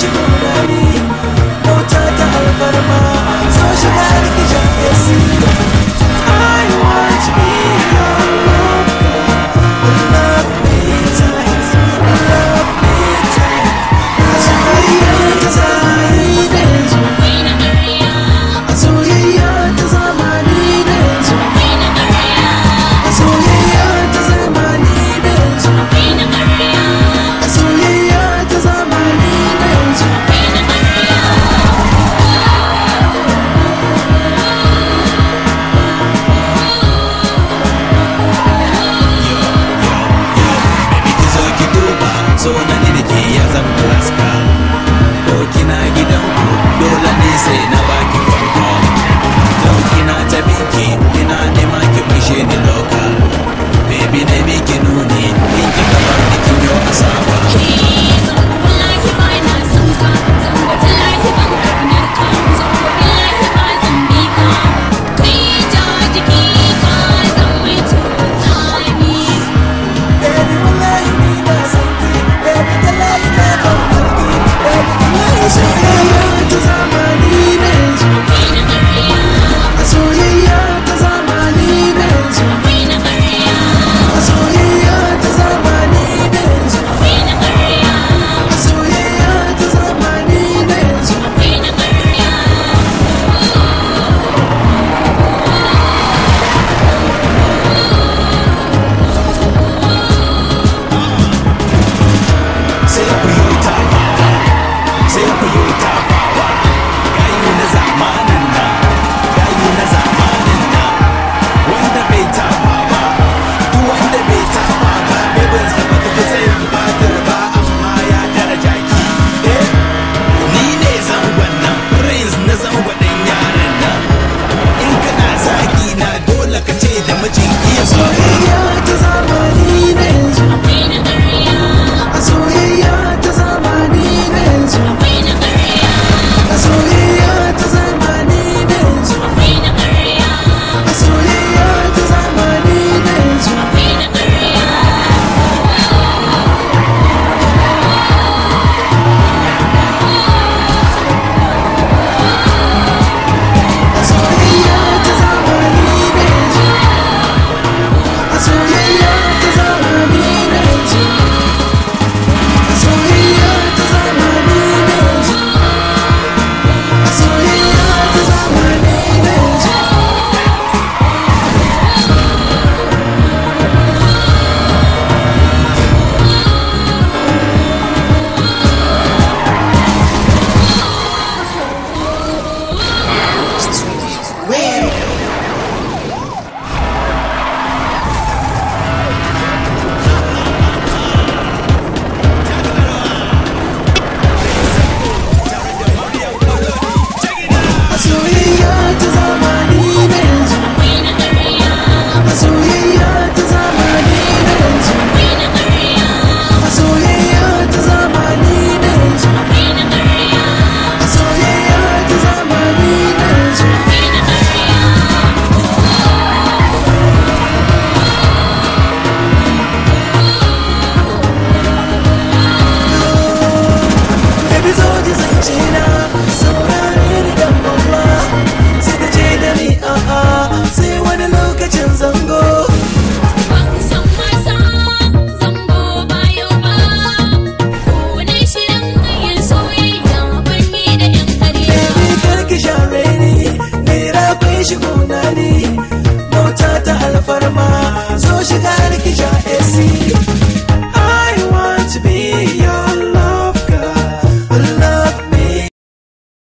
Cause you Cause we